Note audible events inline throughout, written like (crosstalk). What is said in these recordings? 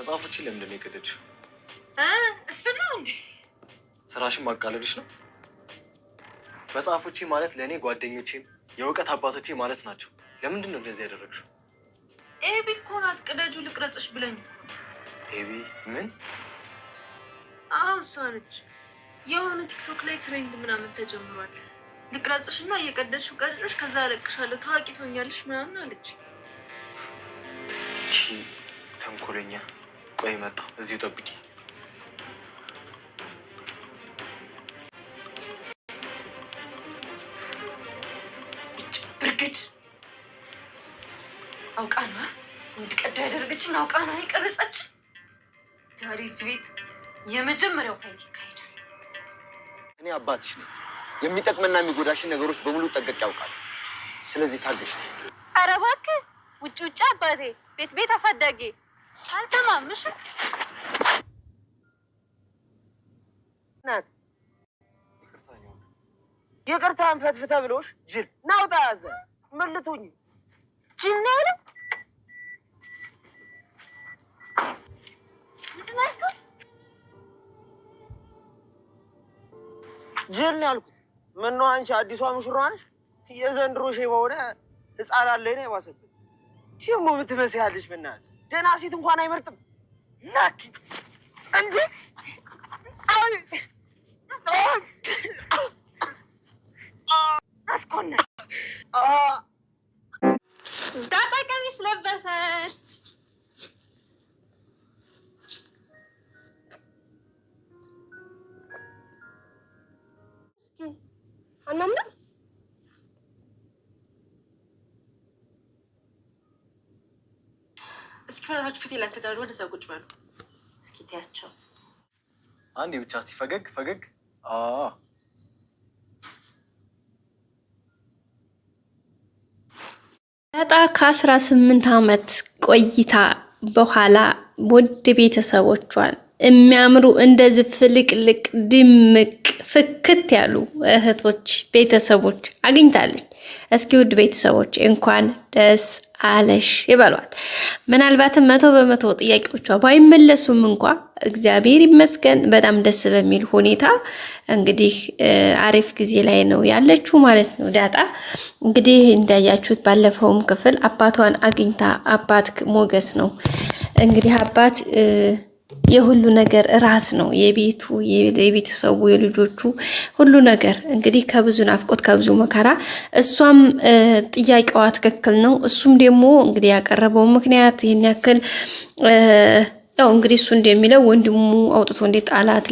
መጽሐፎችን ለምንድን ነው የቀደድሽው? እሱ ነው እንዴ ስራሽን ማቃለልሽ ነው? መጽሐፎቼ ማለት ለእኔ ጓደኞቼም የእውቀት አባቶቼ ማለት ናቸው። ለምንድን ነው እንደዚህ ያደረግሽው? ኤቢ እኮ ናት ቅደጁ ልቅረጽሽ ብለኝ። ኤቢ ምን? አዎ እሷ ነች። የሆነ ቲክቶክ ላይ ትሬንድ ምናምን ተጀምሯል። ልቅረጽሽ እና እየቀደድሽው ቀርጽሽ፣ ከዛ አለቅሻለሁ፣ ታዋቂ ትሆኛለሽ ምናምን አለች። ተንኮለኛ ቆይ መጣሁ። እዚሁ ጠብቂ። ብርግድ አውቃ ነዋ እንድቀዳ ያደረገችኝ አውቃ ነዋ የቀረጸች። ዛሬ እዚህ ቤት የመጀመሪያው ፋይት ይካሄዳል። እኔ አባትሽ ነኝ። የሚጠቅምና የሚጎዳሽን ነገሮች በሙሉ ጠንቅቄ ያውቃል። ስለዚህ ታገሽ። ኧረ እባክህ ውጭ ውጭ አባቴ፣ ቤት ቤት አሳዳጌ አልሰማም። እሺ ይቅርታን ፈትፍተ ብሎሽ ጅል ናውጣ ያዘ መልቶኝ ጅል ነው ያለው። ጅል ነው ያልኩት። ምነው አንቺ አዲሷ ሙሽራ ነሽ? የዘንድሮ ሼባ ሆነ ህፃን አለ ነው የባሰብን። ሲሞ የምትመስያለሽ በእናትሽ ደህና ሴት እንኳን አይመርጥም ናኪ እስኪ ፈረታችሁ ፊት ላተጋሩ ወደዛ ቁጭ በሉ። እስኪ ትያቸው አንዴ ብቻ እስቲ ፈገግ ፈገግ። ዳጣ ከአስራ ስምንት ዓመት ቆይታ በኋላ ውድ ቤተሰቦቿን የሚያምሩ እንደዚህ ፍልቅልቅ ድምቅ ፍክት ያሉ እህቶች ቤተሰቦች አግኝታለች። እስኪ ውድ ቤተሰቦች እንኳን ደስ አለሽ ይበሏት። ምናልባትም መቶ በመቶ ጥያቄዎቿ ባይመለሱም እንኳ እግዚአብሔር ይመስገን በጣም ደስ በሚል ሁኔታ እንግዲህ አሪፍ ጊዜ ላይ ነው ያለችው ማለት ነው። ዳጣ እንግዲህ እንዳያችሁት ባለፈውም ክፍል አባቷን አግኝታ አባት ሞገስ ነው እንግዲህ አባት የሁሉ ነገር ራስ ነው። የቤቱ የቤተሰቡ፣ የልጆቹ ሁሉ ነገር እንግዲህ ከብዙ ናፍቆት ከብዙ መከራ እሷም ጥያቄዋ ትክክል ነው። እሱም ደግሞ እንግዲህ ያቀረበው ምክንያት ይህን ያክል ያው እንግዲህ እሱ እንደሚለው ወንድሙ አውጥቶ እንዴት አላት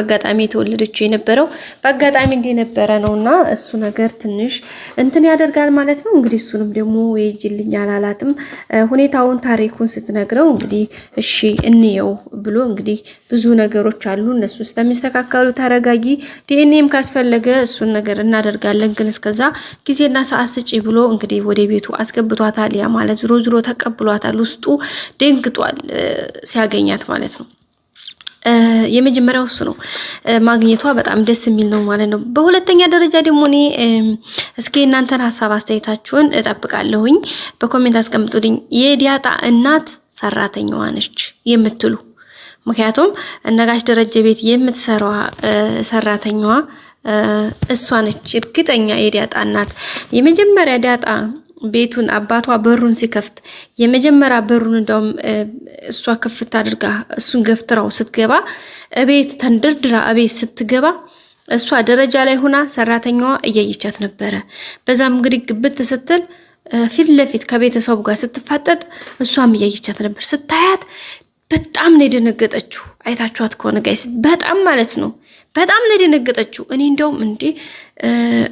አጋጣሚ የተወለደችው የነበረው በአጋጣሚ እንደነበረ ነው እና እሱ ነገር ትንሽ እንትን ያደርጋል ማለት ነው። እንግዲህ እሱንም ደግሞ የጅልኝ አላላትም ሁኔታውን ታሪኩን ስትነግረው እንግዲህ እሺ እንየው ብሎ እንግዲህ ብዙ ነገሮች አሉ እነሱ ስለሚስተካከሉ ተረጋጊ፣ ዲኤንኤም ካስፈለገ እሱን ነገር እናደርጋለን፣ ግን እስከዛ ጊዜና ሰዓት ስጪ ብሎ እንግዲህ ወደ ቤቱ አስገብቷታል። ያ ማለት ዝሮ ዝሮ ተቀብሏታል። ውስጡ ደንግጧል። ሲያገኛት ማለት ነው። የመጀመሪያው እሱ ነው ማግኘቷ በጣም ደስ የሚል ነው ማለት ነው። በሁለተኛ ደረጃ ደግሞ እኔ እስኪ እናንተን ሀሳብ አስተያየታችሁን እጠብቃለሁኝ። በኮሜንት አስቀምጡልኝ። የዲያጣ እናት ሰራተኛዋ ነች የምትሉ ምክንያቱም እነጋሽ ደረጀ ቤት የምትሰራ ሰራተኛዋ እሷ ነች። እርግጠኛ የዲያጣ እናት የመጀመሪያ ዲያጣ ቤቱን አባቷ በሩን ሲከፍት የመጀመሪያ በሩን እንደውም እሷ ክፍት አድርጋ እሱን ገፍትራው ስትገባ እቤት ተንደርድራ እቤት ስትገባ እሷ ደረጃ ላይ ሆና ሰራተኛዋ እያየቻት ነበረ። በዛም እንግዲህ ግብት ስትል ፊት ለፊት ከቤተሰቡ ጋር ስትፋጠጥ እሷም እያየቻት ነበር። ስታያት በጣም ነው የደነገጠችው። አይታችኋት ከሆነ ጋይስ በጣም ማለት ነው በጣም ነው የደነገጠችው። እኔ እንደውም እንዴ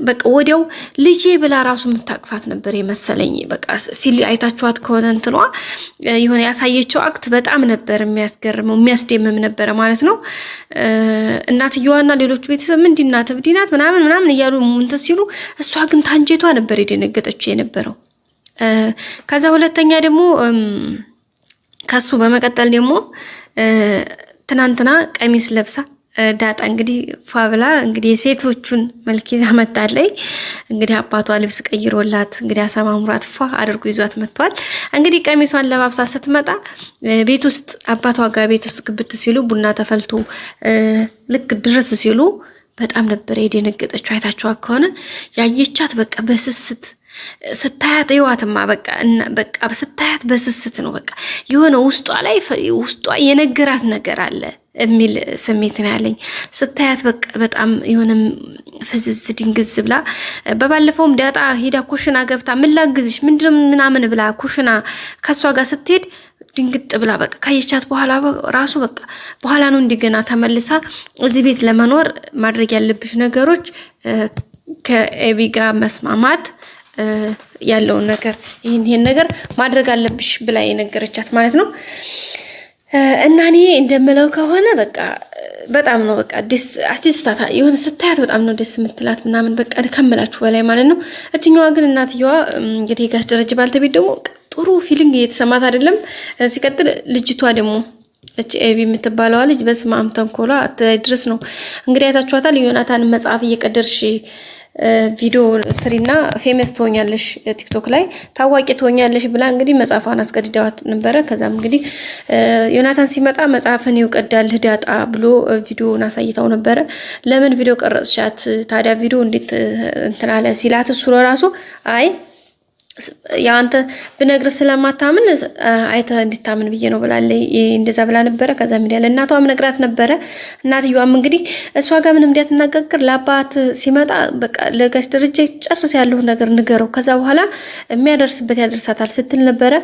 በቃ ወዲያው ልጄ ብላ ራሱ የምታቅፋት ነበር የመሰለኝ። በቃ ፊል አይታችኋት ከሆነ እንትኗ የሆነ ያሳየችው አክት በጣም ነበር የሚያስገርመው የሚያስደምም ነበረ ማለት ነው። እናትየዋና ሌሎቹ ቤተሰብ ምንድን ናት እብድ ናት ምናምን ምናምን እያሉ እንትን ሲሉ፣ እሷ ግን ታንጀቷ ነበር የደነገጠችው የነበረው። ከዛ ሁለተኛ ደግሞ ከሱ በመቀጠል ደግሞ ትናንትና ቀሚስ ለብሳ ዳጣ እንግዲህ ፋብላ እንግዲህ የሴቶቹን መልክ ይዛ መጣለይ። እንግዲህ አባቷ ልብስ ቀይሮላት እንግዲህ አሳማምሯት ፏ አድርጎ ይዟት መጥቷል። እንግዲህ ቀሚሷን ለባብሳ ስትመጣ ቤት ውስጥ አባቷ ጋር ቤት ውስጥ ግብት ሲሉ ቡና ተፈልቶ ልክ ድረስ ሲሉ በጣም ነበረ የደነገጠችው። አይታችኋት ከሆነ ያየቻት በቃ በስስት ስታያት ህይዋትማ በቃ በቃ ስታያት በስስት ነው በቃ የሆነ ውስጧ ላይ ውስጧ የነገራት ነገር አለ የሚል ስሜት ነው ያለኝ። ስታያት በቃ በጣም የሆነም ፍዝዝ ድንግዝ ብላ በባለፈውም ዳጣ ሄዳ ኩሽና ገብታ ምን ላግዝሽ ምንድን ምናምን ብላ ኩሽና ከእሷ ጋር ስትሄድ ድንግጥ ብላ በቃ ካየቻት በኋላ ራሱ በቃ በኋላ ነው እንደገና ተመልሳ እዚህ ቤት ለመኖር ማድረግ ያለብሽ ነገሮች ከኤቢ ጋር መስማማት ያለውን ነገር ይህን ነገር ማድረግ አለብሽ ብላ የነገረቻት ማለት ነው። እና እኔ እንደምለው ከሆነ በቃ በጣም ነው በቃ ደስ አስደስታታ የሆነ ስታያት በጣም ነው ደስ የምትላት ምናምን በቃ ከምላችሁ በላይ ማለት ነው። እችኛዋ ግን እናትየዋ እንግዲህ ጋሽ ደረጀ ባልተቤት ደግሞ ጥሩ ፊሊንግ እየተሰማት አይደለም። ሲቀጥል ልጅቷ ደግሞ እች ኤቢ የምትባለዋ ልጅ በስመ አብ ተንኮሏ ድረስ ነው እንግዲህ አይታችኋታል። ዮናታን መጽሐፍ እየቀደርሽ ቪዲዮ ስሪና ፌመስ ትሆኛለሽ፣ ቲክቶክ ላይ ታዋቂ ትሆኛለሽ ብላ እንግዲህ መጽሐፏን አስቀድዳዋት ነበረ። ከዛም እንግዲህ ዮናታን ሲመጣ መጽሐፍን ይውቀዳል ህዳጣ ብሎ ቪዲዮን አሳይታው ነበረ። ለምን ቪዲዮ ቀረጽሻት ታዲያ ቪዲዮ እንዴት እንትናለ አለ ሲላት እሱ ለራሱ አይ የአንተ ብነግር ስለማታምን አይተ እንዲታምን ብዬ ነው ብላለ እንደዛ ብላ ነበረ። ከዛ ሚዲያ ለእናቷም ነግራት ነበረ። እናትየዋም እንግዲህ እሷ ጋር ምንም ለአባት ሲመጣ በቃ ለጋሽ ደረጃ ጨርስ ያለው ነገር ንገረው፣ ከዛ በኋላ የሚያደርስበት ያደርሳታል ስትል ነበረ።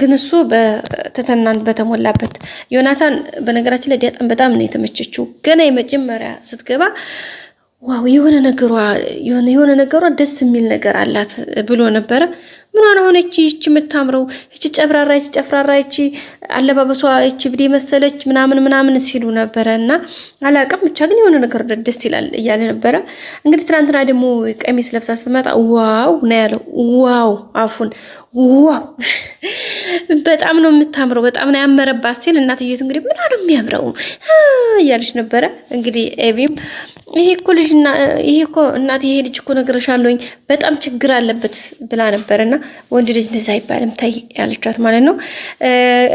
ግን እሱ በትህትናን በተሞላበት ዮናታን፣ በነገራችን ላይ ዲያጣን በጣም ነው የተመቸችው። ገና የመጀመሪያ ስትገባ ዋው የሆነ ነገሯ የሆነ ነገሯ ደስ የሚል ነገር አላት ብሎ ነበረ። ምኗን ሆነ እቺ የምታምረው እቺ ጨፍራራ እቺ ጨፍራራ እቺ አለባበሷ እቺ ብዴ መሰለች ምናምን ምናምን ሲሉ ነበረ። እና አላቅም ብቻ ግን የሆነ ነገር ደስ ይላል እያለ ነበረ። እንግዲህ ትናንትና ደግሞ ቀሚስ ለብሳ ስትመጣ ዋው ነው ያለው። ዋው አፉን ዋው በጣም ነው የምታምረው፣ በጣም ነው ያመረባት ሲል እናትየት እንግዲህ ምን ነው የሚያምረው እያለች ነበረ። እንግዲህ ኤቢም ይሄ እኮ ልጅ ይሄ እኮ እናት ይሄ ልጅ እኮ ነግሬሻለሁኝ በጣም ችግር አለበት ብላ ነበር። እና ወንድ ልጅ እንደዛ አይባልም ታይ ያለቻት ማለት ነው።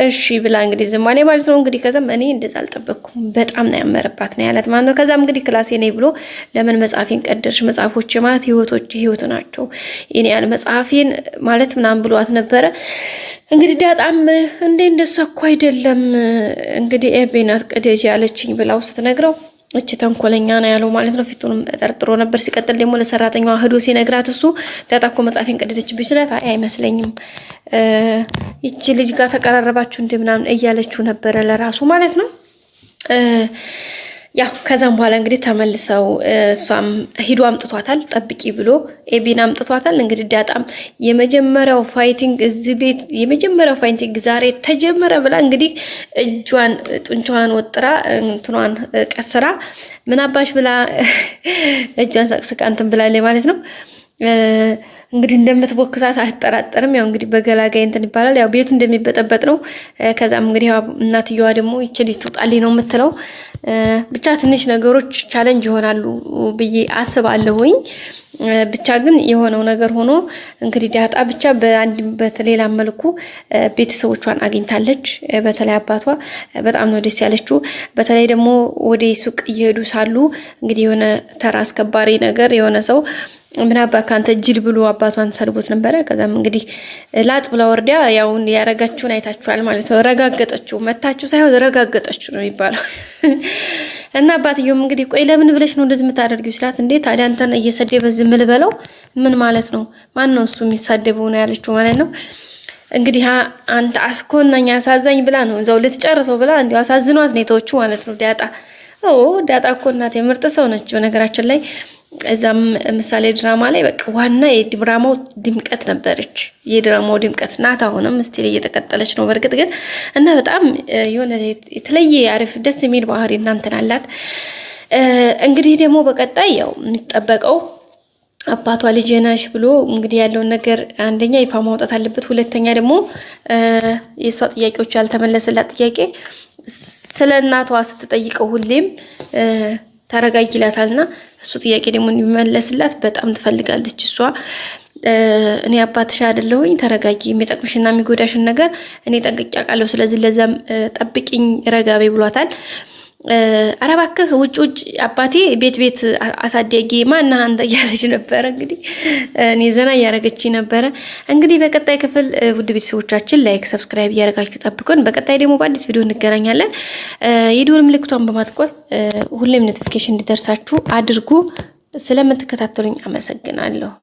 እሺ ብላ እንግዲህ ዝም አለ ማለት ነው። እንግዲህ ከዛም እኔ እንደዛ አልጠበቅኩም በጣም ነው ያመረባት ነው ያላት ማለት ነው። ከዛም እንግዲህ ክላሴ ነኝ ብሎ ለምን መጽሐፌን ቀደርሽ? መጽሐፎች ማለት ህይወቶች ህይወት ናቸው። ይኔ ያል መጽሐፌን ማለት ምናምን ብሏት ነበረ እንግዲህ ዳጣም እንዴ እንደሷ እኮ አይደለም እንግዲህ ኤቤናት ቅደጅ ያለችኝ ብላው ስትነግረው እች ተንኮለኛ ነው ያለው ማለት ነው። ፊቱንም ጠርጥሮ ነበር። ሲቀጥል ደግሞ ለሰራተኛዋ ህዶ ሲነግራት እሱ ዳጣ እኮ መጽሐፌን ቀደደችብኝ ስላት አይ አይመስለኝም፣ ይቺ ልጅ ጋር ተቀራረባችሁ እንደምናምን ምናምን እያለችው ነበረ ለራሱ ማለት ነው። ያው ከዛም በኋላ እንግዲህ ተመልሰው እሷም ሂዱ አምጥቷታል። ጠብቂ ብሎ ኤቢን አምጥቷታል። እንግዲህ ዳጣም የመጀመሪያው ፋይቲንግ እዚህ ቤት የመጀመሪያው ፋይቲንግ ዛሬ ተጀመረ ብላ እንግዲህ እጇን ጡንቻዋን ወጥራ እንትኗን ቀስራ ምናባሽ ብላ እጇን ሰቅስቃ እንትን ብላለች ማለት ነው። እንግዲህ እንደምትቦክሳት አልጠራጠርም። ያው እንግዲህ በገላጋይ እንትን ይባላል። ያው ቤቱ እንደሚበጠበጥ ነው። ከዛም እንግዲህ እናትየዋ ደግሞ ይቺ ልጅ ትውጣልኝ ነው የምትለው። ብቻ ትንሽ ነገሮች ቻለንጅ ይሆናሉ ብዬ አስባለሁኝ። ብቻ ግን የሆነው ነገር ሆኖ እንግዲህ ዳጣ ብቻ በአንድ በሌላ መልኩ ቤተሰቦቿን አግኝታለች። በተለይ አባቷ በጣም ነው ደስ ያለችው። በተለይ ደግሞ ወደ ሱቅ እየሄዱ ሳሉ እንግዲህ የሆነ ተራ አስከባሪ ነገር የሆነ ሰው ምን ከአንተ ጅል ብሎ አባቷን ሰልቦት ነበረ። ከዛም እንግዲህ ላጥ ብላ ወርዳ ያውን ያረጋችሁን አይታችኋል ማለት ነው። ረጋገጠችው፣ መታችሁ ሳይሆን ረጋገጠችው ነው የሚባለው። (laughs) እና አባትየውም እንግዲህ ቆይ ለምን ብለሽ ነው እንደዚህ የምታደርጊው ስላት፣ እንዴ ታዲያ አንተን እየሰደበ ዝም ልበለው? ምን ማለት ነው? ማን ነው እሱ የሚሳደበው ነው ያለችው ማለት ነው። እንግዲህ አንተ አስኮናኝ፣ አሳዛኝ ብላ ነው እዛው ልትጨርሰው ብላ እንዲ አሳዝኗት ኔታዎቹ ማለት ነው። ዳጣ ዳጣ እኮ እናቴ ምርጥ ሰው ነች በነገራችን ላይ እዛም ምሳሌ ድራማ ላይ በቃ ዋና የድራማው ድምቀት ነበረች። የድራማው ድምቀት ናት። አሁንም ስቲል እየተቀጠለች ነው። በእርግጥ ግን እና በጣም የሆነ የተለየ አሪፍ ደስ የሚል ባህሪ እናንትን አላት። እንግዲህ ደግሞ በቀጣይ ያው የሚጠበቀው አባቷ ልጄ ነሽ ብሎ እንግዲህ ያለውን ነገር አንደኛ ይፋ ማውጣት አለበት። ሁለተኛ ደግሞ የእሷ ጥያቄዎች ያልተመለሰላት ጥያቄ ስለ እናቷ ስትጠይቀው ሁሌም ተረጋጊ ይላታልና እሱ ጥያቄ ደግሞ እንዲመለስላት በጣም ትፈልጋለች እሷ እኔ አባትሽ አይደለሁኝ ተረጋጊ፣ የሚጠቅምሽና የሚጎዳሽን ነገር እኔ ጠንቅቄ አውቃለሁ። ስለዚህ ለዛም ጠብቂኝ ረጋቤ ብሏታል። ኧረ እባክህ ውጭ ውጭ አባቴ ቤት ቤት አሳደጌ ማና አንተ እያለች ነበረ። እንግዲህ እኔ ዘና እያደረገች ነበረ። እንግዲህ በቀጣይ ክፍል ውድ ቤተሰቦቻችን ላይክ፣ ሰብስክራይብ እያደረጋችሁ ጠብቁን። በቀጣይ ደግሞ በአዲስ ቪዲዮ እንገናኛለን። የደወል ምልክቷን በማጥቆር ሁሌም ኖቲፊኬሽን እንዲደርሳችሁ አድርጉ። ስለምትከታተሉኝ አመሰግናለሁ።